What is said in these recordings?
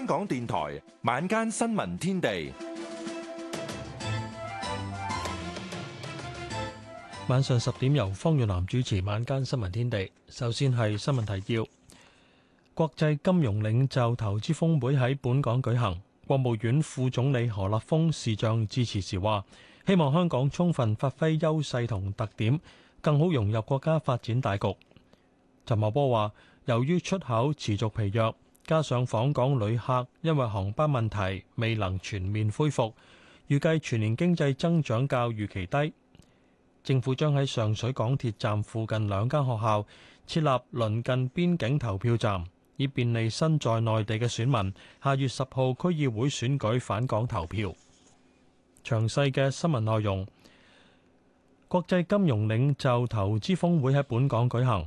香港電台晚間新聞天地，晚上十點由方遠南主持晚間新聞天地。首先係新聞提要：國際金融領袖投資峰會喺本港舉行，國務院副總理何立峰市長致辭時話，希望香港充分發揮優勢同特點，更好融入國家發展大局。陳茂波話，由於出口持續疲弱，加上訪港旅客因為航班問題未能全面恢復，預計全年經濟增長較預期低。政府將喺上水港鐵站附近兩間學校設立鄰近邊境投票站，以便利身在內地嘅選民，下月十號區議會選舉返港投票。詳細嘅新聞內容，國際金融領袖投資峰會喺本港舉行。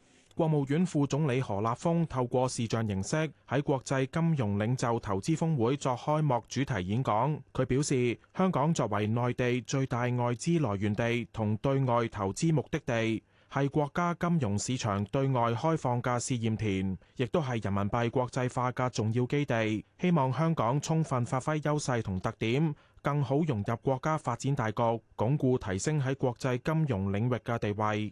國務院副總理何立峰透過視像形式喺國際金融領袖投資峰會作開幕主題演講。佢表示，香港作為內地最大外資來源地同對外投資目的地，係國家金融市場對外開放嘅試驗田，亦都係人民幣國際化嘅重要基地。希望香港充分發揮優勢同特點，更好融入國家發展大局，鞏固提升喺國際金融領域嘅地位。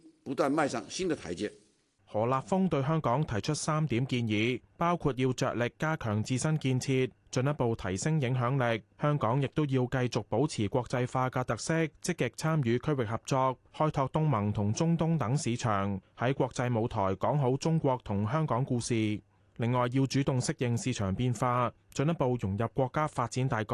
不斷邁上新的台階。何立峰對香港提出三點建議，包括要着力加強自身建設，進一步提升影響力。香港亦都要繼續保持國際化嘅特色，積極參與區域合作，開拓東盟同中東等市場，喺國際舞台講好中國同香港故事。另外，要主動適應市場變化，進一步融入國家發展大局。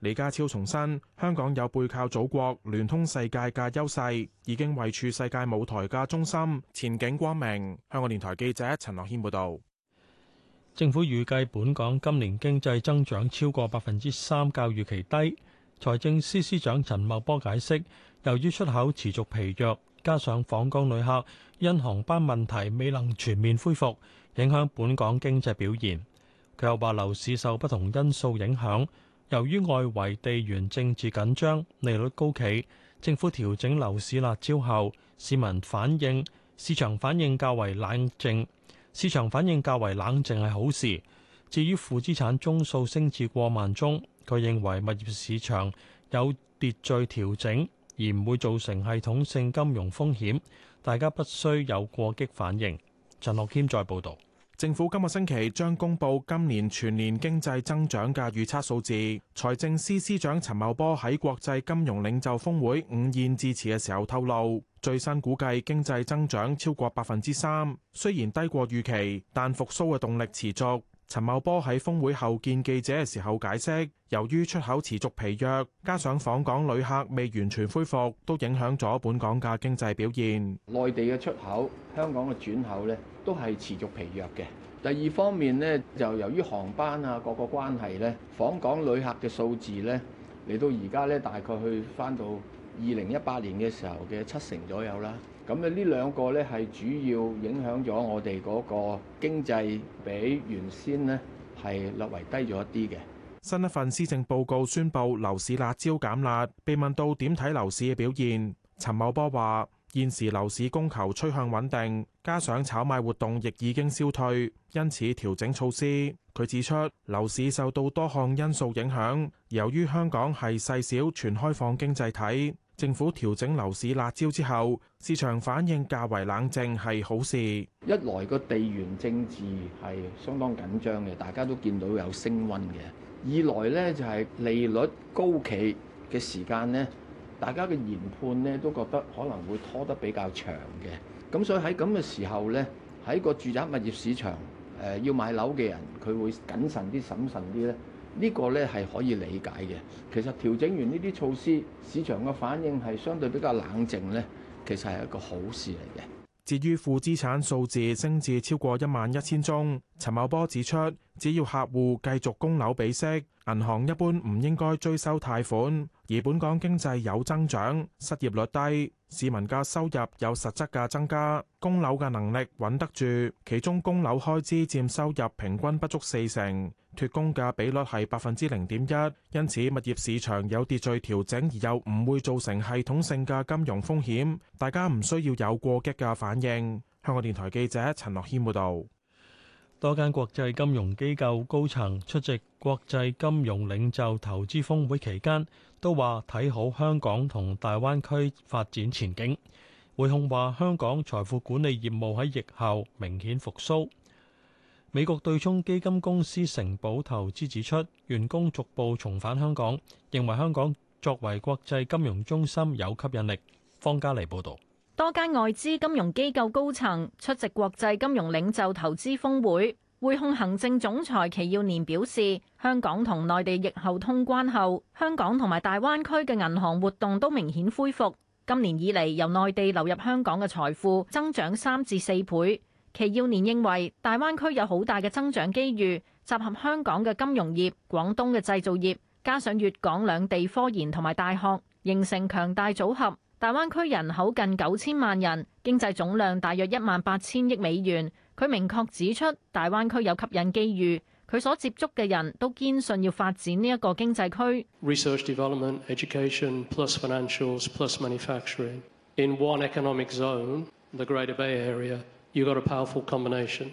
李家超重申，香港有背靠祖國聯通世界嘅優勢，已經位處世界舞台嘅中心，前景光明。香港電台記者陳樂謙報道。政府預計本港今年經濟增長超過百分之三，較預期低。財政司司長陳茂波解釋，由於出口持續疲弱，加上訪港旅客因航班問題未能全面恢復影響本港經濟表現，佢又話樓市受不同因素影響。由於外圍地緣政治緊張、利率高企，政府調整樓市辣招後，市民反映市場反應較為冷靜。市場反應較為冷靜係好事。至於負資產宗數升至過萬宗，佢認為物業市場有秩序調整，而唔會造成系統性金融風險。大家不需有過激反應。陳樂謙再報道。政府今個星期將公布今年全年經濟增長嘅預測數字。財政司司長陳茂波喺國際金融領袖峰會午宴致辭嘅時候透露，最新估計經濟增長超過百分之三，雖然低過預期，但復蘇嘅動力持續。陳茂波喺峰會後見記者嘅時候解釋，由於出口持續疲弱，加上訪港旅客未完全恢復，都影響咗本港嘅經濟表現。內地嘅出口、香港嘅轉口咧，都係持續疲弱嘅。第二方面呢，就由於航班啊，各個關係呢，訪港旅客嘅數字呢，嚟到而家呢，大概去返到二零一八年嘅時候嘅七成左右啦。咁呢兩個呢係主要影響咗我哋嗰個經濟，比原先呢係略為低咗一啲嘅。新一份施政報告宣布樓市辣招減辣。被問到點睇樓市嘅表現，陳茂波話：現時樓市供求趨向穩定，加上炒賣活動亦已經消退，因此調整措施。佢指出，樓市受到多項因素影響，由於香港係細小全開放經濟體。政府調整樓市辣招之後，市場反應較為冷靜係好事。一來個地緣政治係相當緊張嘅，大家都見到有升温嘅；二來咧就係利率高企嘅時間咧，大家嘅研判咧都覺得可能會拖得比較長嘅。咁所以喺咁嘅時候咧，喺個住宅物業市場誒要買樓嘅人佢會謹慎啲、審慎啲咧。呢個咧係可以理解嘅。其實調整完呢啲措施，市場嘅反應係相對比較冷靜呢，其實係一個好事嚟嘅。至於負資產數字升至超過一萬一千宗，陳茂波指出，只要客戶繼續供樓比息，銀行一般唔應該追收貸款。而本港經濟有增長，失業率低，市民嘅收入有實質嘅增加，供樓嘅能力穩得住。其中供樓開支佔收入平均不足四成，脫供嘅比率係百分之零點一，因此物業市場有秩序調整，而又唔會造成系統性嘅金融風險。大家唔需要有過激嘅反應。香港電台記者陳樂軒報導。多間國際金融機構高層出席國際金融領袖投資峰會期間，都話睇好香港同大灣區發展前景。匯控話香港財富管理業務喺疫後明顯復甦。美國對沖基金公司城堡投資指出，員工逐步重返香港，認為香港作為國際金融中心有吸引力。方家莉報導，多間外資金融機構高層出席國際金融領袖投資峰會。匯控行政總裁祁耀年表示，香港同內地疫後通關後，香港同埋大灣區嘅銀行活動都明顯恢復。今年以嚟，由內地流入香港嘅財富增長三至四倍。祁耀年認為，大灣區有好大嘅增長機遇，集合香港嘅金融業、廣東嘅製造業，加上粵港兩地科研同埋大學，形成強大組合。大灣區人口近九千萬人，經濟總量大約一萬八千億美元。佢明確指出，大灣區有吸引機遇。佢所接觸嘅人都堅信要發展呢一個經濟區。Research, development, education, plus financials, plus manufacturing in one economic zone, the Greater Bay Area, you got a powerful combination.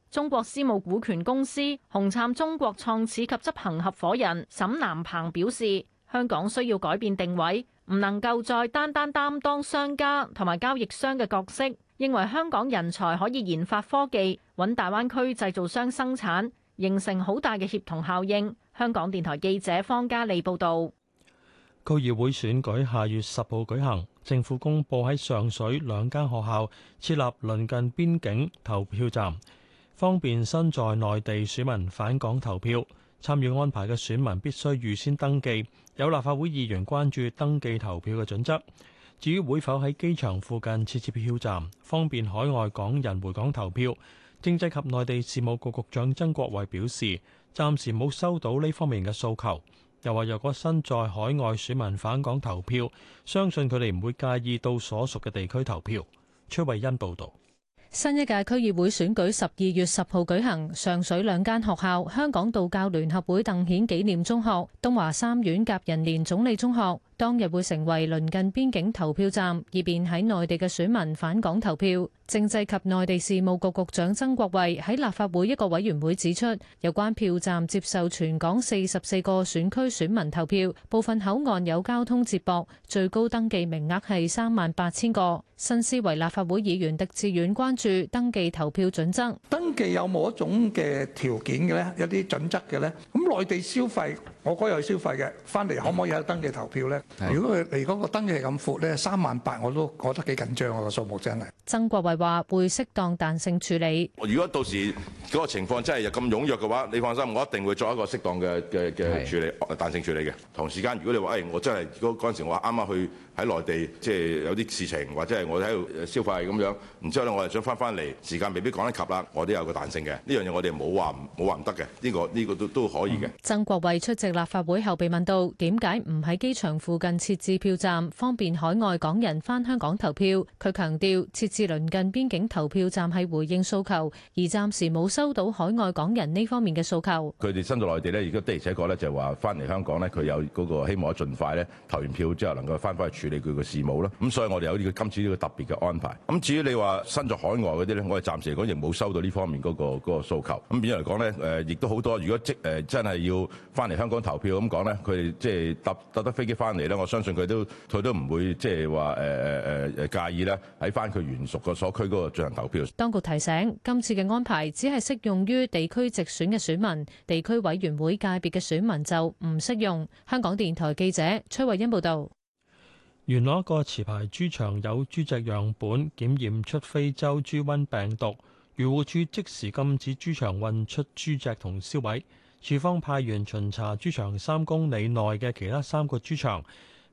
中國私募股權公司紅杉中國創始及執行合夥人沈南鵬表示，香港需要改變定位，唔能夠再單單擔當商家同埋交易商嘅角色。認為香港人才可以研發科技，揾大灣區製造商生產，形成好大嘅協同效應。香港電台記者方嘉利報道。區議會選舉下月十號舉行，政府公布喺上水兩間學校設立鄰近邊境投票站。方便身在內地選民返港投票，參與安排嘅選民必須預先登記，有立法會議員關注登記投票嘅準則，至於會否喺機場附近設置票站，方便海外港人回港投票，政制及內地事務局局局長曾國衛表示，暫時冇收到呢方面嘅訴求。又話若果身在海外選民返港投票，相信佢哋唔會介意到所屬嘅地區投票。崔慧欣報道。新一屆區議會選舉十二月十號舉行，上水兩間學校、香港道教聯合會鄧顯紀念中學、東華三院甲寅年總理中學。當日會成為鄰近邊境投票站，以便喺內地嘅選民返港投票。政制及內地事務局局長曾國衛喺立法會一個委員會指出，有關票站接受全港四十四個選區選民投票，部分口岸有交通接駁，最高登記名額係三萬八千個。新思維立法會議員狄志遠關注登記投票準則，登記有冇一種嘅條件嘅呢？有啲準則嘅呢？咁內地消費。我嗰日去消費嘅，翻嚟可唔可以有登記投票咧？如果佢嚟嗰個登記係咁闊咧，三萬八我都覺得幾緊張我個數目真係。曾國衛話會適當彈性處理。如果到時嗰個情況真係咁踴躍嘅話，你放心，我一定會作一個適當嘅嘅嘅處理，是彈性處理嘅。同時間，如果你話誒、哎、我真係嗰嗰陣時我話啱啱去喺內地，即、就、係、是、有啲事情，或者係我喺度消費咁樣，然之後咧我係想翻翻嚟，時間未必趕得及啦，我都有個彈性嘅。呢樣嘢我哋冇話冇話唔得嘅，呢、這個呢、這個都都可以嘅、嗯。曾國衛出席。立法會後被問到點解唔喺機場附近設置票站，方便海外港人翻香港投票？佢強調設置鄰近邊境投票站係回應訴求，而暫時冇收到海外港人呢方面嘅訴求。佢哋身在內地呢，亦都的而且確咧就係話翻嚟香港呢，佢有嗰個希望盡快呢，投完票之後能夠翻返去處理佢嘅事務啦。咁所以我哋有呢個今次呢個特別嘅安排。咁至於你話身在海外嗰啲呢，我哋暫時嚟講亦冇收到呢方面嗰個嗰個訴求。咁變咗嚟講呢，誒亦都好多，如果即誒真係要翻嚟香港。投票咁講呢，佢哋即係搭搭得飛機翻嚟呢。我相信佢都佢都唔會即係話誒誒誒介意呢。喺翻佢原屬個所區嗰個進行投票。當局提醒，今次嘅安排只係適用於地區直選嘅選民，地區委員會界別嘅選民就唔適用。香港電台記者崔慧欣報道。原來一個持牌豬場有豬隻樣本檢驗出非洲豬瘟病毒，漁護處即時禁止豬場運出豬隻同銷毀。署方派員巡查豬場三公里內嘅其他三個豬場，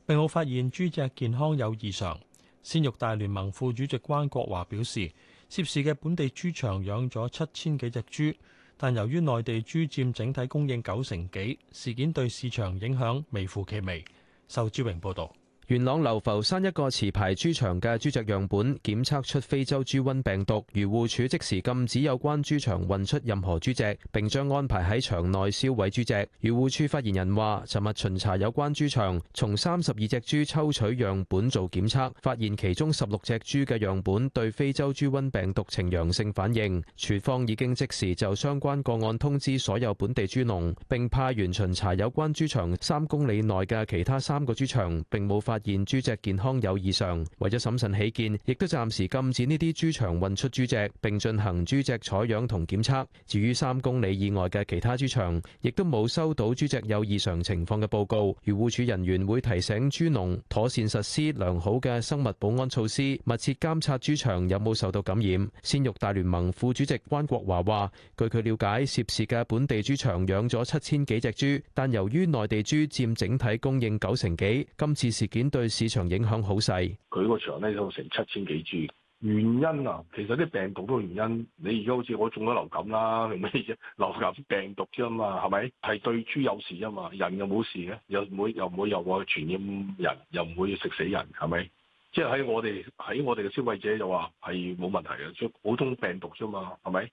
並冇發現豬隻健康有異常。鮮肉大聯盟副主席關國華表示，涉事嘅本地豬場養咗七千幾隻豬，但由於內地豬佔整體供應九成幾，事件對市場影響微乎其微。仇志榮報導。元朗流浮山一個持牌豬場嘅豬隻樣本檢測出非洲豬瘟病毒，漁護署即時禁止有關豬場運出任何豬隻，並將安排喺場內銷毀豬隻。漁護署發言人話：尋日巡查有關豬場從三十二隻豬抽取樣本做檢測，發現其中十六隻豬嘅樣本對非洲豬瘟病毒呈陽性反應，署方已經即時就相關個案通知所有本地豬農，並派員巡查有關豬場三公里內嘅其他三個豬場並冇發。發現豬隻健康有異常，為咗審慎起見，亦都暫時禁止呢啲豬場運出豬隻，並進行豬隻採樣同檢測。至於三公里以外嘅其他豬場，亦都冇收到豬隻有異常情況嘅報告。漁護署人員會提醒豬農妥善實施良好嘅生物保安措施，密切監察豬場有冇受到感染。鮮肉大聯盟副主席關國華話，據佢了解，涉事嘅本地豬場養咗七千幾隻豬，但由於內地豬佔整體供應九成幾，今次事件，對市場影響好細，佢個場咧都成七千幾豬。原因啊，其實啲病毒都原因。你而家好似我中咗流感啦，咩嘢流感病毒啫嘛，係咪？係對豬有事啊嘛，人又冇事嘅，又唔會又唔會又話傳染人，又唔會食死人，係咪？即係喺我哋喺我哋嘅消費者就話係冇問題嘅，即普通病毒啫嘛，係咪？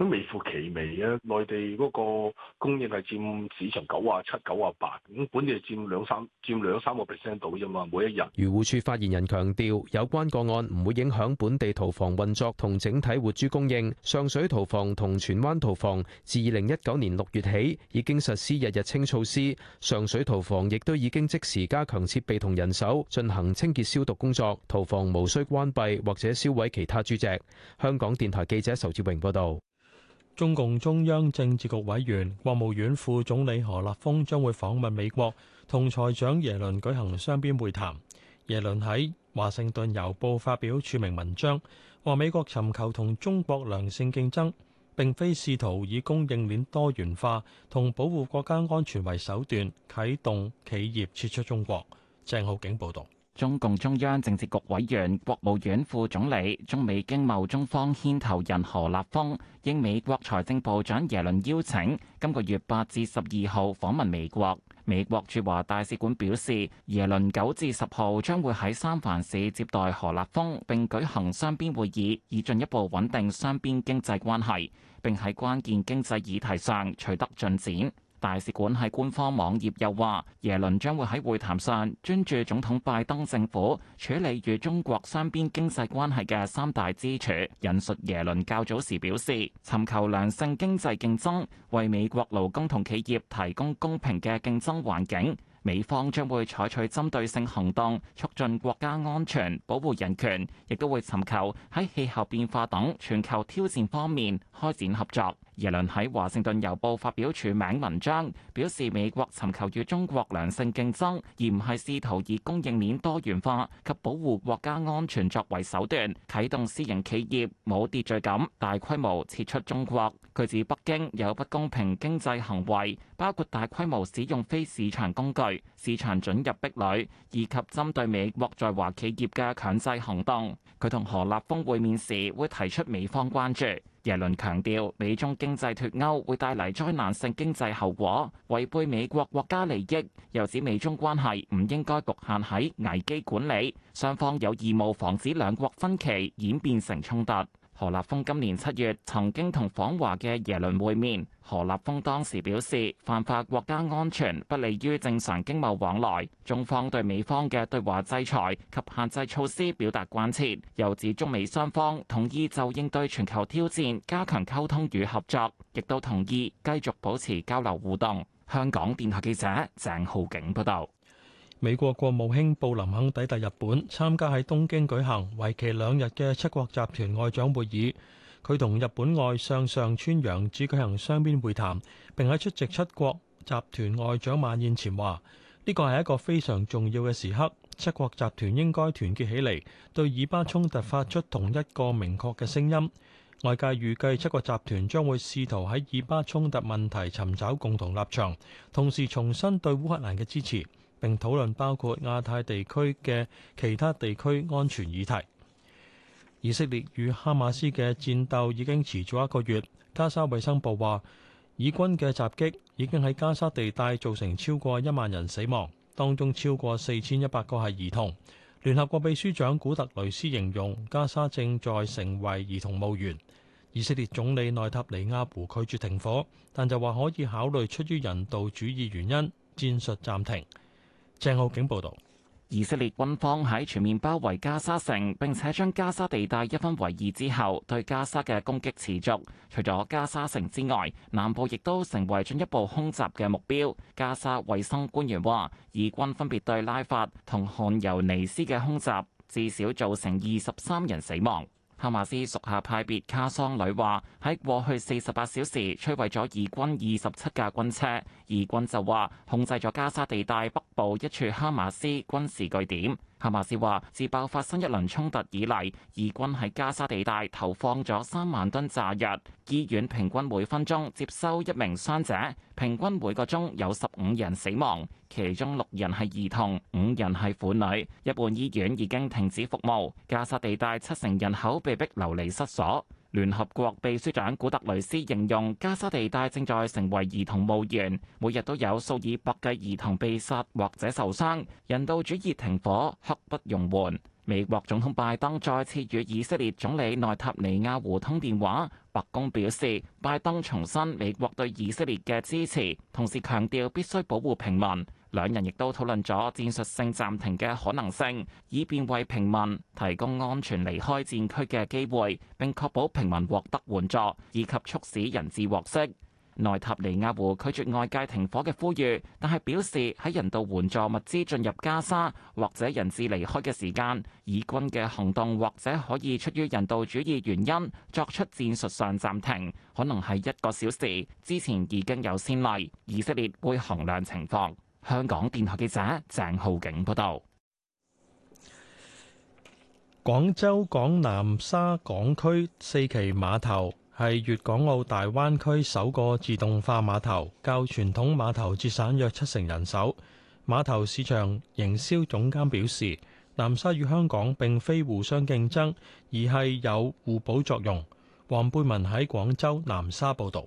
都微乎其微嘅，內地嗰個供應係佔市場九啊七、九啊八，咁本地佔兩三佔兩三個 percent 到啫嘛。每一日漁護署發言人強調，有關個案唔會影響本地屠房運作同整體活豬供應。上水屠房同荃灣屠房自二零一九年六月起已經實施日日清措施，上水屠房亦都已經即時加強設備同人手進行清潔消毒工作，屠房無需關閉或者銷毀其他豬隻，香港電台記者仇志榮報道。中共中央政治局委員、國務院副總理何立峰將會訪問美國，同財長耶倫舉行雙邊會談。耶倫喺華盛頓郵報發表署名文章，話美國尋求同中國良性競爭，並非試圖以供應鏈多元化同保護國家安全為手段，啟動企業撤出中國。鄭浩景報導。中共中央政治局委員、國務院副總理、中美經貿中方牽頭人何立峰，應美國財政部長耶倫邀請，今個月八至十二號訪問美國。美國駐華大使館表示，耶倫九至十號將會喺三藩市接待何立峰，並舉行雙邊會議，以進一步穩定雙邊經濟關係，並喺關鍵經濟議題上取得進展。大使館喺官方網頁又話，耶倫將會喺會談上專注總統拜登政府處理與中國雙邊經濟關係嘅三大支柱。引述耶倫較早時表示，尋求良性經濟競爭，為美國勞工同企業提供公平嘅競爭環境。美方將會採取針對性行動，促進國家安全、保護人權，亦都會尋求喺氣候變化等全球挑戰方面開展合作。耶倫喺華盛頓郵報發表署名文章，表示美國尋求與中國良性競爭，而唔係試圖以供應鏈多元化及保護國家安全作為手段啟動私營企業冇秩序感、大規模撤出中國。佢指北京有不公平經濟行為，包括大規模使用非市場工具、市場准入壁壘以及針對美國在華企業嘅強制行動。佢同何立峰會面時會提出美方關注。耶倫強調，美中經濟脫鉤會帶嚟災難性經濟後果，違背美國國家利益。又指美中關係唔應該局限喺危機管理，雙方有義務防止兩國分歧演變成衝突。何立峰今年七月曾經同訪華嘅耶倫會面。何立峰當時表示，犯法國家安全不利於正常經貿往來，中方對美方嘅對華制裁及限制措施表達關切，又指中美雙方同意就應對全球挑戰加強溝通與合作，亦都同意繼續保持交流互動。香港電台記者鄭浩景報道。美國國務卿布林肯抵達日本，參加喺東京舉行為期兩日嘅七國集團外長會議。佢同日本外相上川陽子舉行雙邊會談，並喺出席七國集團外長晚宴前話：呢個係一個非常重要嘅時刻，七國集團應該團結起嚟，對以巴衝突發出同一個明確嘅聲音。外界預計七國集團將會試圖喺以巴衝突問題尋找共同立場，同時重申對烏克蘭嘅支持。並討論包括亞太地區嘅其他地區安全議題。以色列與哈馬斯嘅戰鬥已經持續一個月。加沙衛生部話，以軍嘅襲擊已經喺加沙地帶造成超過一萬人死亡，當中超過四千一百個係兒童。聯合國秘書長古特雷斯形容，加沙正在成為兒童墓園。以色列總理內塔尼亞胡拒絕停火，但就話可以考慮出於人道主義原因，戰術暫停。鄭浩景報道：以色列軍方喺全面包圍加沙城，並且將加沙地帶一分為二之後，對加沙嘅攻擊持續。除咗加沙城之外，南部亦都成為進一步空襲嘅目標。加沙衛生官員話，以軍分別對拉法同汗尤尼斯嘅空襲，至少造成二十三人死亡。哈馬斯屬下派別卡桑旅話，喺過去四十八小時摧毀咗以軍二十七架軍車，以軍就話控制咗加沙地帶北部一處哈馬斯軍事據點。哈馬斯話：自爆發新一輪衝突以嚟，以軍喺加沙地帶投放咗三萬噸炸藥，醫院平均每分鐘接收一名傷者，平均每個鐘有十五人死亡，其中六人係兒童，五人係婦女。一半醫院已經停止服務，加沙地帶七成人口被迫流離失所。聯合國秘書長古特雷斯形容加沙地帶正在成為兒童墓園，每日都有數以百計兒童被殺或者受傷。人道主義停火刻不容緩。美國總統拜登再次與以色列總理內塔尼亞胡通電話，白宮表示拜登重申美國對以色列嘅支持，同時強調必須保護平民。兩人亦都討論咗戰術性暫停嘅可能性，以便為平民提供安全離開戰區嘅機會，並確保平民獲得援助，以及促使人質獲釋。內塔尼亞胡拒絕外界停火嘅呼籲，但係表示喺人道援助物資進入加沙或者人質離開嘅時間，以軍嘅行動或者可以出於人道主義原因作出戰術上暫停，可能係一個小時，之前已經有先例，以色列會衡量情況。香港電台記者鄭浩景報道：廣州港南沙港區四期碼頭係粵港澳大灣區首個自動化碼頭，較傳統碼頭節省約七成人手。碼頭市場營銷總監表示，南沙與香港並非互相競爭，而係有互補作用。黃貝文喺廣州南沙報道。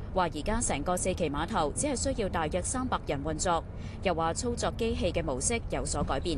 話而家成個四期碼頭只係需要大約三百人運作，又話操作機器嘅模式有所改變。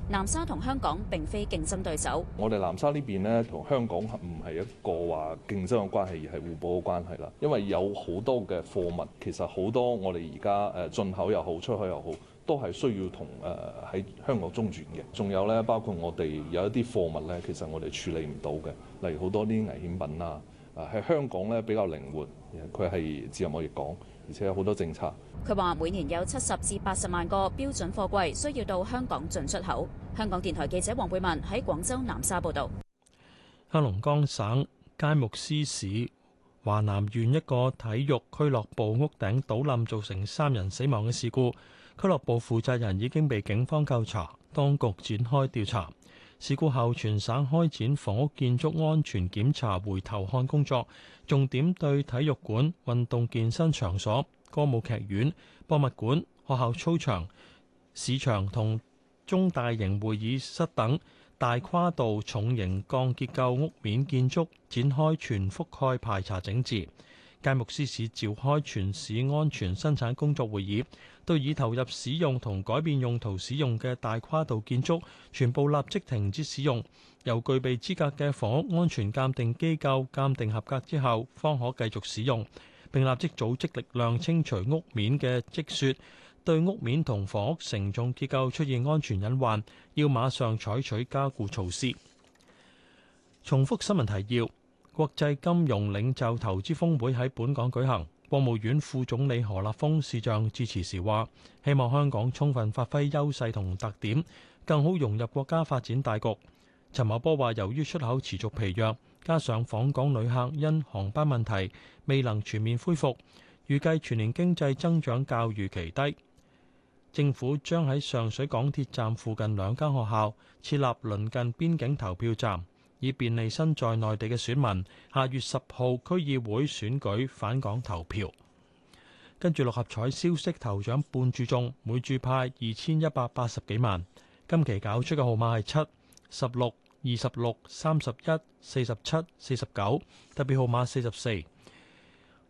南沙同香港並非競爭對手。我哋南沙呢邊呢，同香港唔係一個話競爭嘅關係，而係互補嘅關係啦。因為有好多嘅貨物，其實好多我哋而家誒進口又好，出口又好，都係需要同誒喺香港中轉嘅。仲有呢，包括我哋有一啲貨物呢，其實我哋處理唔到嘅，例如好多啲危險品啊，啊喺香港呢，比較靈活，佢係自由貿易港。而且有好多政策。佢話每年有七十至八十萬個標準貨櫃需要到香港進出口。香港電台記者黃佩文喺廣州南沙報道。黑龍江省佳木斯市華南縣一個體育俱樂部屋頂倒冧造成三人死亡嘅事故，俱樂部負責人已經被警方扣查，當局展開調查。事故後全省開展房屋建築安全檢查回頭看工作。重點對體育館、運動健身場所、歌舞劇院、博物館、學校操場、市場同中大型會議室等大跨度重型鋼結構屋面建築展開全覆蓋排查整治。佳木斯市召開全市安全生產工作會議，對已投入使用同改變用途使用嘅大跨度建築，全部立即停止使用，由具備資格嘅房屋安全鑑定機構鑑定合格之後，方可繼續使用，並立即組織力量清除屋面嘅積雪，對屋面同房屋承重結構出現安全隱患，要馬上採取加固措施。重複新聞提要。國際金融領袖投資峰會喺本港舉行，國務院副總理何立峰視像致辭時話：希望香港充分發揮優勢同特點，更好融入國家發展大局。陳茂波話：由於出口持續疲弱，加上訪港旅客因航班問題未能全面恢復，預計全年經濟增長較預期低。政府將喺上水港鐵站附近兩間學校設立鄰近邊境投票站。以便利身在內地嘅選民，下月十號區議會選舉返港投票。跟住六合彩消息，頭獎半注中，每注派二千一百八十幾萬。今期搞出嘅號碼係七、十六、二十六、三十一、四十七、四十九，特別號碼四十四。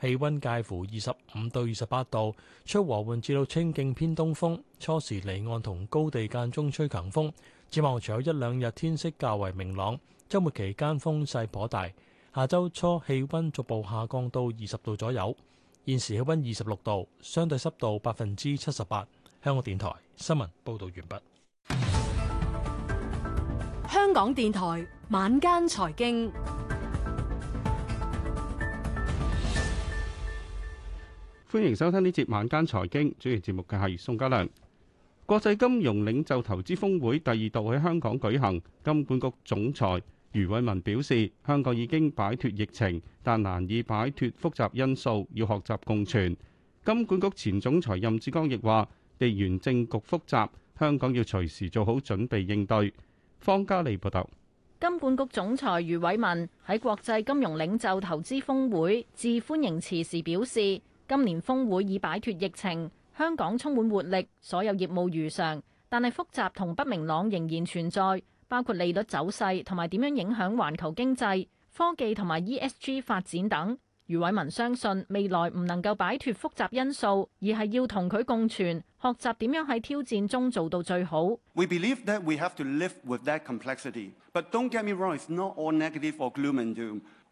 氣溫介乎二十五到二十八度，出和緩至到清勁偏東風，初時離岸同高地間中吹強風。展望除有一兩日天色較為明朗，周末期間風勢頗大。下周初氣溫逐步下降到二十度左右。現時氣溫二十六度，相對濕度百分之七十八。香港電台新聞報道完畢。香港電台晚間財經。歡迎收聽呢節晚間財經。主持節目嘅係宋家良。國際金融領袖投資峰會第二度喺香港舉行。金管局總裁余偉文表示，香港已經擺脫疫情，但難以擺脫複雜因素，要學習共存。金管局前總裁任志剛亦話，地緣政局複雜，香港要隨時做好準備應對。方嘉利報道。金管局總裁余偉文喺國際金融領袖投資峰會致歡迎辭時表示，今年峯會已擺脱疫情，香港充滿活力，所有業務如常，但係複雜同不明朗仍然存在，包括利率走勢同埋點樣影響環球經濟、科技同埋 ESG 發展等。余偉文相信未來唔能夠擺脱複雜因素，而係要同佢共存，學習點樣喺挑戰中做到最好。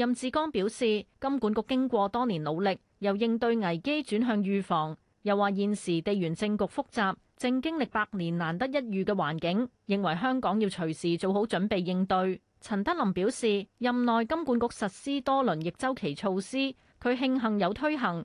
任志剛表示，金管局經過多年努力，由應對危機轉向預防，又話現時地緣政局複雜，正經歷百年難得一遇嘅環境，認為香港要隨時做好準備應對。陳德霖表示，任內金管局實施多輪逆週期措施，佢慶幸有推行。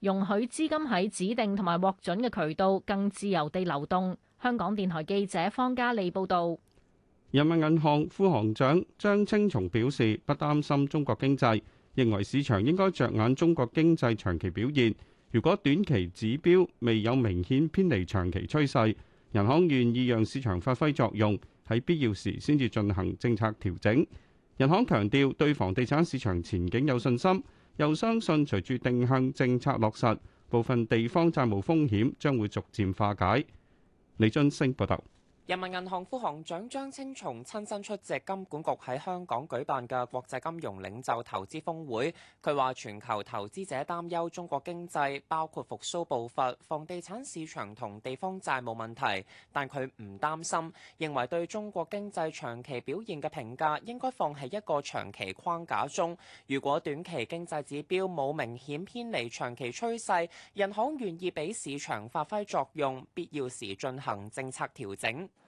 容許資金喺指定同埋獲准嘅渠道更自由地流動。香港電台記者方嘉莉報道。人民銀行副行長張青松表示，不擔心中國經濟，認為市場應該着眼中國經濟長期表現。如果短期指標未有明顯偏離長期趨勢，人行願意讓市場發揮作用，喺必要時先至進行政策調整。人行強調對房地產市場前景有信心。又相信，隨住定向政策落實，部分地方債務風險將會逐漸化解。李津升報道。人民銀行副行長張青松親身出席金管局喺香港舉辦嘅國際金融領袖投資峰會。佢話：全球投資者擔憂中國經濟包括復甦步伐、房地產市場同地方債務問題，但佢唔擔心，認為對中國經濟長期表現嘅評價應該放喺一個長期框架中。如果短期經濟指標冇明顯偏離長期趨勢，人行願意俾市場發揮作用，必要時進行政策調整。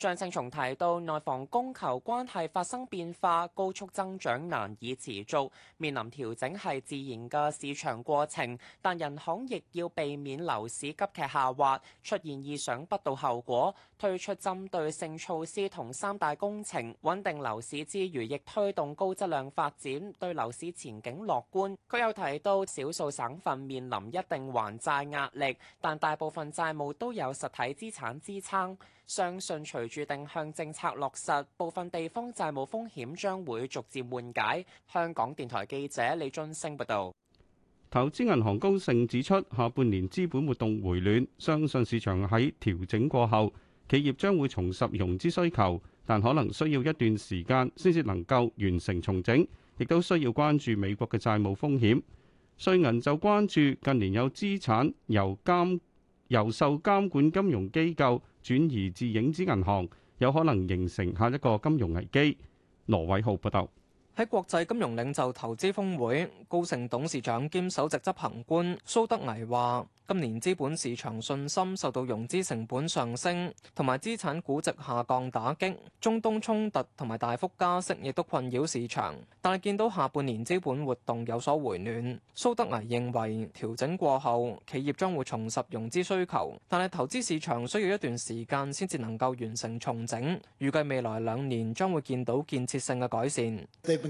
張青松提到，內房供求關係發生變化，高速增長難以持續，面臨調整係自然嘅市場過程，但人行亦要避免樓市急劇下滑，出現意想不到後果。推出針對性措施同三大工程穩定樓市之餘，亦推動高質量發展，對樓市前景樂觀，佢又提到，少數省份面臨一定還債壓力，但大部分債務都有實體資產支撐，相信隨住定向政策落實，部分地方債務風險將會逐漸緩解。香港電台記者李津升報道。投資銀行高盛指出，下半年資本活動回暖，相信市場喺調整過後。企業將會重拾融資需求，但可能需要一段時間先至能夠完成重整，亦都需要關注美國嘅債務風險。瑞銀就關注近年有資產由監由受監管金融機構轉移至影子銀行，有可能形成下一個金融危機。羅偉浩報道。喺國際金融領袖投資峰會，高盛董事長兼首席執行官蘇德巍話：今年資本市場信心受到融資成本上升同埋資產估值下降打擊，中東衝突同埋大幅加息亦都困擾市場。但係見到下半年資本活動有所回暖，蘇德巍認為調整過後，企業將會重拾融資需求，但係投資市場需要一段時間先至能夠完成重整，預計未來兩年將會見到建設性嘅改善。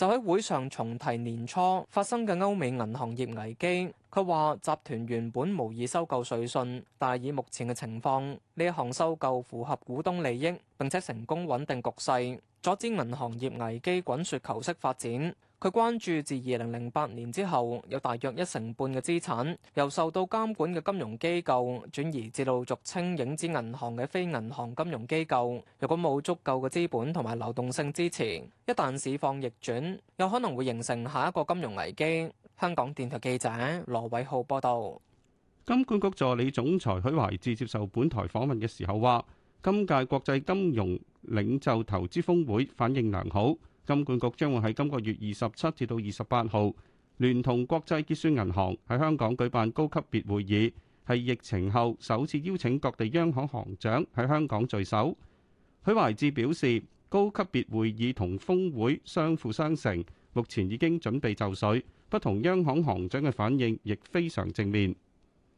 就喺會上重提年初發生嘅歐美銀行業危機，佢話集團原本無意收購瑞信，但係以目前嘅情況，呢項收購符合股東利益，並且成功穩定局勢，阻止銀行業危機滾雪球式發展。佢關注自二零零八年之後，有大約一成半嘅資產由受到監管嘅金融機構轉移至到俗稱影子銀行嘅非銀行金融機構。如果冇足夠嘅資本同埋流動性支持，一旦市況逆轉，有可能會形成下一個金融危機。香港電台記者羅偉浩報道。金管局助理總裁許懷志接受本台訪問嘅時候話，今屆國際金融領袖投資峰會反應良好。金管局將會喺今個月二十七至到二十八號，聯同國際結算銀行喺香港舉辦高級別會議，係疫情後首次邀請各地央行行長喺香港聚首。許懷志表示，高級別會議同峰會相輔相成，目前已經準備就緒，不同央行行長嘅反應亦非常正面。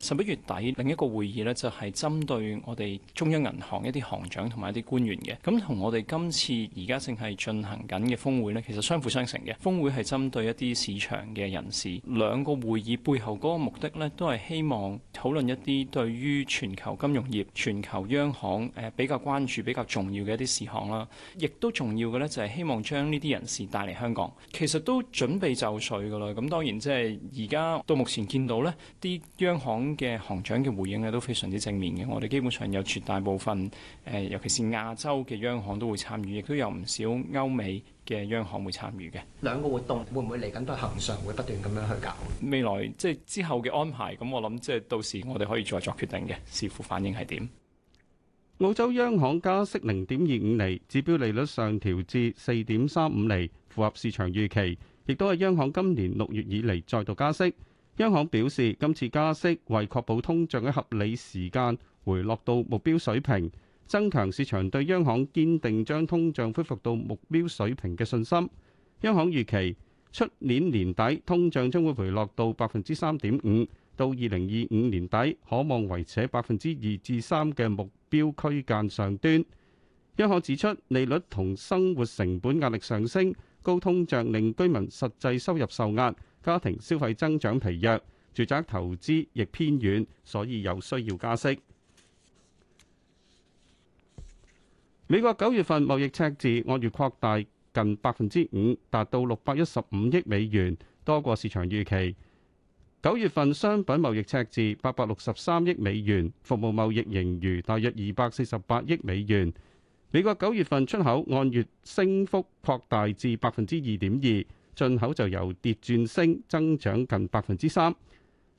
十一月底另一個會議呢，就係針對我哋中央銀行一啲行長同埋一啲官員嘅。咁同我哋今次而家正係進行緊嘅峰會呢，其實相輔相成嘅。峰會係針對一啲市場嘅人士，兩個會議背後嗰個目的呢，都係希望討論一啲對於全球金融業、全球央行誒比較關注、比較重要嘅一啲事項啦。亦都重要嘅呢，就係希望將呢啲人士帶嚟香港，其實都準備就緒噶啦。咁當然即係而家到目前見到呢啲央行嘅行長嘅回應咧都非常之正面嘅，我哋基本上有絕大部分，誒、呃、尤其是亞洲嘅央行都會參與，亦都有唔少歐美嘅央行會參與嘅。兩個活動會唔會嚟緊都係行常，會不斷咁樣去搞？未來即係、就是、之後嘅安排，咁我諗即係到時我哋可以再作決定嘅，視乎反應係點？澳洲央行加息零點二五厘，指標利率上調至四點三五厘，符合市場預期，亦都係央行今年六月以嚟再度加息。央行表示，今次加息為確保通脹喺合理時間回落到目標水平，增強市場對央行堅定將通脹恢復到目標水平嘅信心。央行預期出年年底通脹將會回落到百分之三點五，到二零二五年底可望維持喺百分之二至三嘅目標區間上端。央行指出，利率同生活成本壓力上升，高通脹令居民實際收入受壓。家庭消費增長疲弱，住宅投資亦偏軟，所以有需要加息。美國九月份貿易赤字按月擴大近百分之五，達到六百一十五億美元，多過市場預期。九月份商品貿易赤字八百六十三億美元，服務貿易盈餘大約二百四十八億美元。美國九月份出口按月升幅擴大至百分之二點二。進口就由跌轉升，增長近百分之三。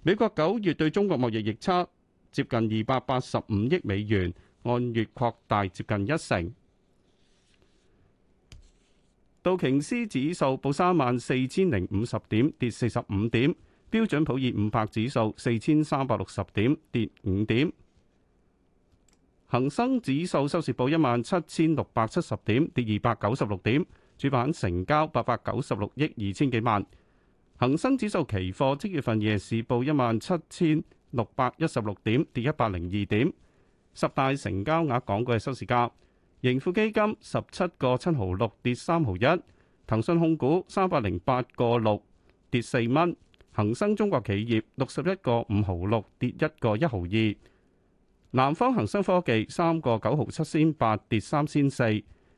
美國九月對中國貿易逆差接近二百八十五億美元，按月擴大接近一成。道瓊斯指數報三萬四千零五十點，跌四十五點。標準普爾五百指數四千三百六十點，跌五點。恒生指數收市報一萬七千六百七十點，跌二百九十六點。主板成交八百九十六億二千幾萬，恒生指數期貨即月份夜市報一萬七千六百一十六點，跌一百零二點。十大成交額港股嘅收市價，盈富基金十七個七毫六，跌三毫一；騰訊控股三百零八個六，跌四蚊；恒生中國企業六十一個五毫六，跌一個一毫二；南方恒生科技三個九毫七仙八，跌三仙四。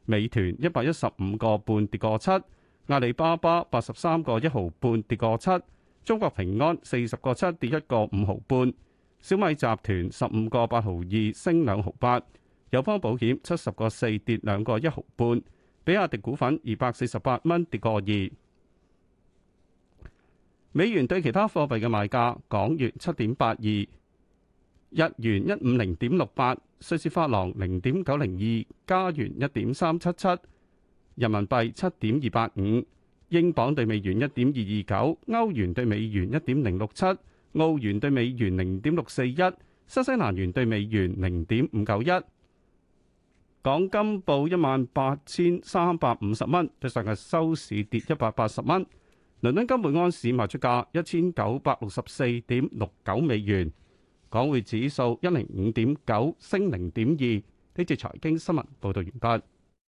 美團一百一十五個半跌個七，阿里巴巴八十三個一毫半跌個七，中國平安四十個七跌一個五毫半，小米集團十五個八毫二升兩毫八，友邦保險七十個四跌兩個一毫半，比亞迪股份二百四十八蚊跌個二，美元對其他貨幣嘅賣價，港元七點八二。日元一五零點六八，瑞士法郎零點九零二，加元一點三七七，人民幣七點二八五，英鎊兌美元一點二二九，歐元兌美元一點零六七，澳元兌美元零點六四一，新西蘭元兌美元零點五九一。港金報一萬八千三百五十蚊，對上日收市跌一百八十蚊。倫敦金每盎司賣出價一千九百六十四點六九美元。港匯指數一零五點九升零點二。呢次財經新聞報道完畢。